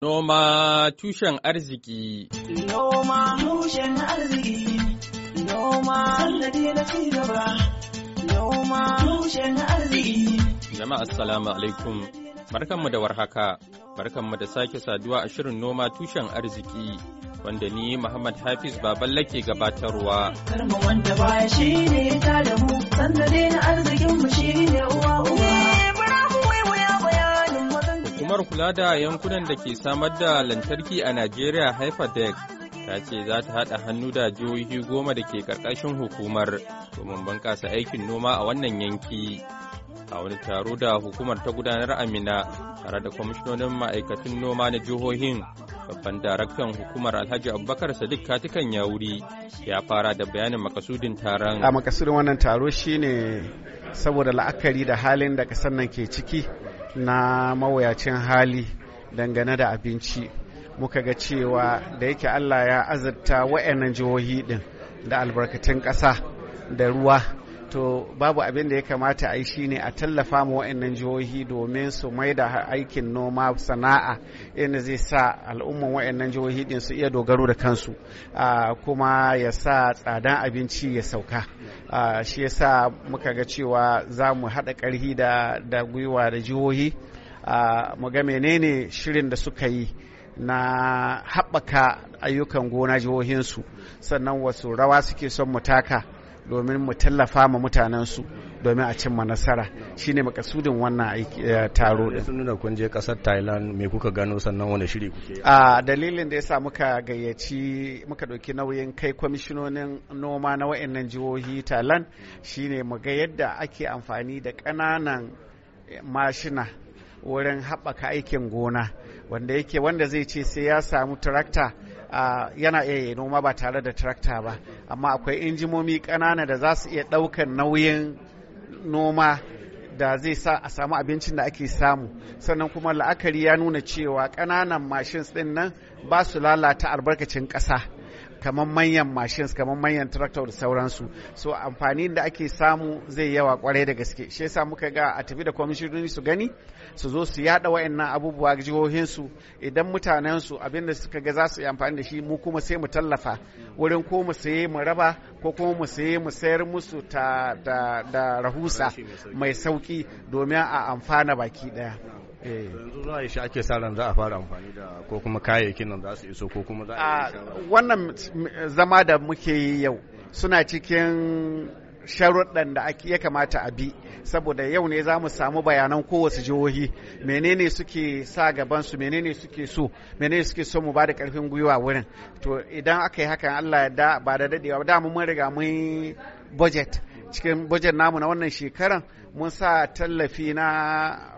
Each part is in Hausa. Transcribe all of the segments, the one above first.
Noma tushen arziki. Noma tushen arziki. Noma sannadi na cigaba. Noma tushen arziki. Jama'a assalamu alaikum. Barkanmu da warhaka. Barkanmu da sake saduwa a shirin noma tushen arziki. Wanda ni Muhammad Hafiz Baballe ke gabatarwa. Karma wanda baya shi ne ta da mu, sannadi na arzikinmu shi ne uwa uwa. hukumar kula da yankunan da ke samar da lantarki a Najeriya Hyperdeck ta ce za ta haɗa hannu da jihohi goma da ke ƙarƙashin hukumar domin bunƙasa aikin noma a wannan yanki. A wani taro da hukumar ta gudanar Amina tare da kwamishinonin ma'aikatun noma na jihohin babban daraktan hukumar alhaji abubakar sadiq katikan yauri ya fara da bayanin makasudin taron a makasudin wannan taro shine saboda la'akari da halin da kasar nan ke ciki na mawuyacin hali dangane da abinci muka ga cewa da yake Allah ya azurta wa'annan jihohi din da albarkatun ƙasa da ruwa to babu abin da ya kamata a yi shi ne a tallafa ma wa'annan jihohi domin su mai da aikin noma sana'a inda zai sa al'umman wa'annan jihohi din su iya dogaro da kansu kuma ya sa tsadan abinci ya sauka shi ya sa muka ga cewa za mu haɗa ƙarhi da gwiwa da jihohi mu ga menene shirin da suka yi na haɓaka ayyukan gona jihohinsu sannan wasu rawa suke son mu taka domin mu tallafa ma su domin a cimma nasara shine makasudin wannan eh, taro din sun nuna kun je kasar Thailand me kuka gano sannan wani shiri kuke a dalilin da yasa muka gayyaci muka dauki nauyin kai kwamishinonin noma na wayannan jihohi Thailand shine mu ga yadda ake amfani da ƙananan eh, mashina wurin haɓaka aikin gona wanda yake wanda zai ce sai ya samu tarakta yana iya noma ba tare da tarakta ba amma akwai injimomi ƙanana da za su iya ɗaukan nauyin noma da zai sa a samu abincin da ake samu sannan kuma la'akari ya nuna cewa ƙananan mashins ɗin nan ba su lalata albarkacin ƙasa kamar manyan machines kamar manyan tractor da sauransu so amfani da ake samu zai yawa kwarai da gaske shi yasa muka ga a tafi da kwamishinoni su gani su zo su yada wayannan abubuwa jihohinsu idan mutanensu abinda suka ga za su yi amfani da shi mu kuma sai mu tallafa wurin ko mu saye mu raba ko kuma mu saye mu sayar musu ta da rahusa mai sauki domin a amfana baki daya Eh. yanzu za a yi ake sa ran za a fara amfani da ko kuma kayayyakin nan za su iso ko kuma ah, wannan zama da muke yi yau suna cikin sharuɗan da ya kamata a bi saboda yau ne za mu samu bayanan kowace jihohi menene suke sa gaban su menene suke so menene suke so mu ba da ƙarfin gwiwa wurin to idan aka yi hakan Allah ya da ba da dadewa da mun riga mun budget cikin budget namu na wannan shekaran mun sa tallafi na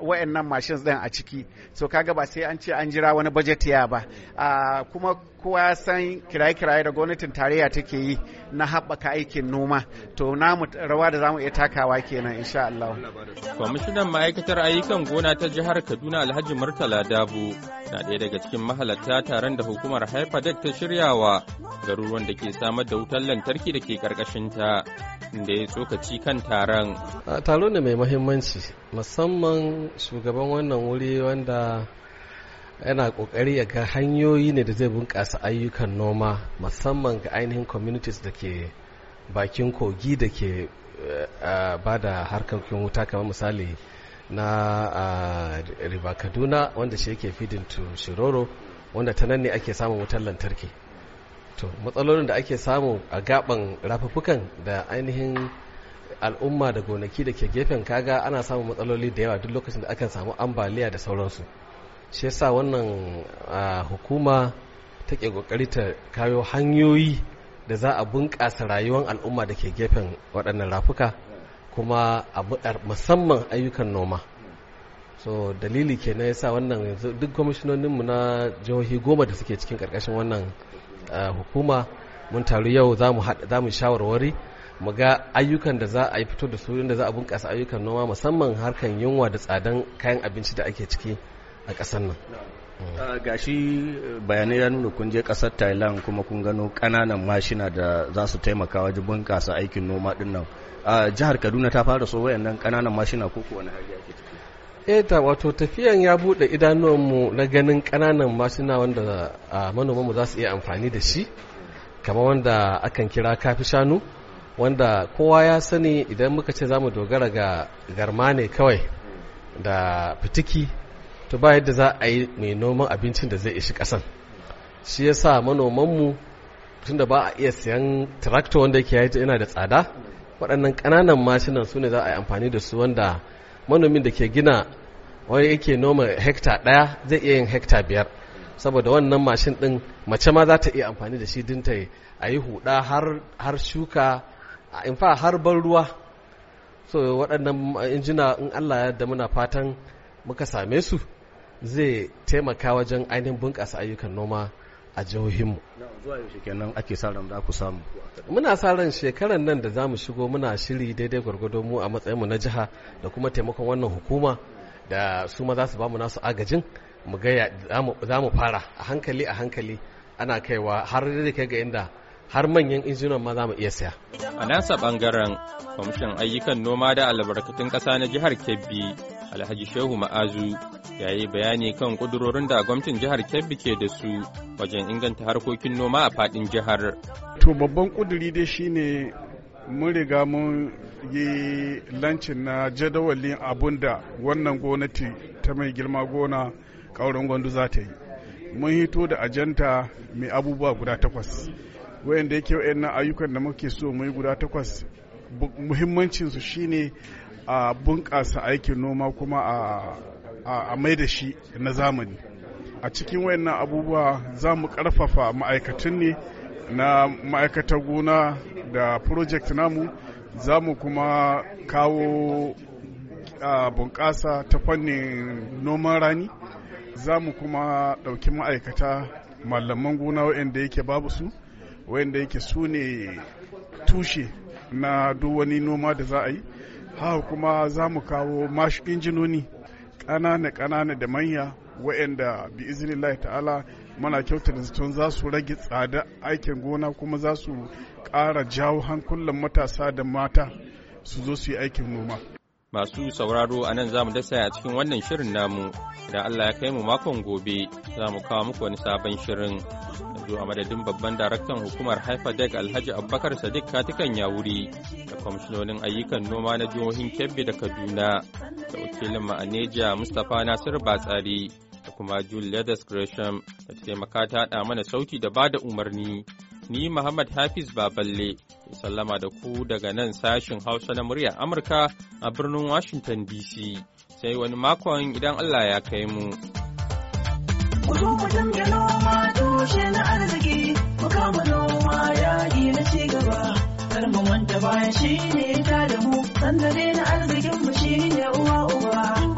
wayannan machines din a ciki so kaga ba sai an ce an jira wani ya ba ah, kuma kowa san kiraye-kiraye da gwamnatin tarayya take yi na haɓaka aikin noma to mu rawa da zamu iya takawa kenan insha Allah. Kwamishinan ma'aikatar ayyukan gona ta jihar Kaduna Alhaji Murtala Dabu na ɗaya daga cikin mahalarta taron da hukumar Haifadek ta shiryawa garuruwan da ke samar da wutar lantarki da ke karkashin ta inda ya tsokaci kan taron. Ah, taro ne ne mai mahimmanci musamman shugaban wannan wuri wanda yana kokari ya ga hanyoyi ne da zai bunƙasa ayyukan noma musamman ga ainihin communities da ke bakin kogi da ke eh, ba da harkokin wuta kamar misali na riba kaduna wanda shi yake feeding to shiroro wanda ta nan ne ake samun wutar lantarki to matsalolin da ake samu a gaban rafuffukan da ainihin al'umma da gonaki da ke gefen kaga ana samun matsaloli da yawa duk lokacin da aka samu ambaliya da sauransu shi yasa wannan hukuma take kokari ta kayo hanyoyi da za a bunƙasa rayuwar al'umma da ke gefen waɗannan rafuka kuma a musamman ayyukan noma so dalili ke na yasa wannan yanzu duk kwamishinoninmu na jihohi goma da suke cikin ƙarƙashin wannan hukuma mun taru yau za mu shawarwari mu ga ayyukan da za a yi fito da su inda za a bunƙasa ayyukan noma musamman harkan yunwa da tsadan kayan abinci da ake ciki a ƙasar nan ah, gashi eh, bayanai ya nuna kun je ƙasar thailand kuma kun gano ƙananan mashina da za su taimaka wajen bunƙasa aikin noma din nan ah, jihar kaduna ta fara so wayannan ƙananan mashina ko ko wani hali ake ciki eh ta wato tafiyan ya buɗe idanuwanmu na ganin ƙananan mashina wanda ah, manomanmu za su iya amfani da shi kamar wanda akan kira kafi shanu wanda kowa ya sani idan muka ce za mu dogara ga garma ne kawai da fitiki to ba yadda za a yi mai noman abincin da zai ishi kasan shi ya sa manomanmu tun da ba a iya siyan tarakta wanda yake yaji yana da tsada waɗannan ƙananan mashinan su ne za a yi amfani da su wanda manomin da ke gina wani yake noma hekta ɗaya zai iya yin hekta biyar saboda wannan mashin ɗin mace ma za ta iya amfani da shi dinta a yi huɗa har shuka in fa har ban ruwa so waɗannan uh, injina in allah ya da muna fatan muka same su zai taimaka wajen ainihin bunƙasa ayyukan noma a jihohinmu muna sa ran shekaran nan da za mu shigo muna shiri daidai gwargwado mu a matsayinmu na jiha da kuma taimakon wannan hukuma da su ma za su bamu nasu agajin mu ga za mu fara a hankali a hankali ana kaiwa har da kai ga inda har manyan injinan ma za mu iya saya. A nasa bangaren kwamishin ayyukan noma da albarkatun ƙasa na jihar Kebbi Alhaji Shehu Ma'azu ya yi bayani kan ƙudurorin da gwamnatin jihar Kebbi ke da su wajen inganta harkokin noma a faɗin jihar. To babban ƙuduri dai shine mun riga mun yi lancin na jadawalin abun da wannan gwamnati ta mai girma gona ƙaurin gwandu za ta yi. Mun hito da ajanta mai abubuwa guda takwas. wayanda yake wayannan ayyukan da muke so mu yi guda takwas muhimmancinsu su shine a bunƙasa aikin noma kuma a mai da shi na zamani a cikin wayannan abubuwa za mu ƙarfafa ma'aikatan ne na ma'aikatar gona da project namu za mu kuma kawo a bunƙasa ta fannin noman rani za mu kuma ɗauki ma'aikata malaman gona waɗanda yake babu su wanda yake su ne tushe na duk wani noma da za a yi haka kuma za mu kawo mashi injinoni ƙanana-ƙanana da manya wa'anda bi iznillahi ta'ala mana kyauta da zaton za su rage tsada aikin gona kuma za su ƙara jawo hankulan matasa da mata su zo su yi aikin noma Masu sauraro a nan za mu dasa a cikin wannan shirin namu, idan Allah ya kai mu makon gobe za mu kawo muku wani sabon shirin. Yanzu a madadin babban daraktan hukumar Haifa Deg Alhaji Abubakar Sadiq Katikan Yawuri da kwamishinonin ayyukan noma na jihohin Kebbi da Kaduna da wakilin ma'aneja Mustapha Nasir Batsari da kuma Julia Gresham da taimaka ta mana sauti da bada umarni. Ni Muhammad Hafiz Baballe sallama da ku daga nan sashin Hausa na muryar Amurka a birnin Washington DC. Sai wani makon idan Allah ya kai mu. shi ne ta mu, sandare na arzikin mu shi ne uwa uba.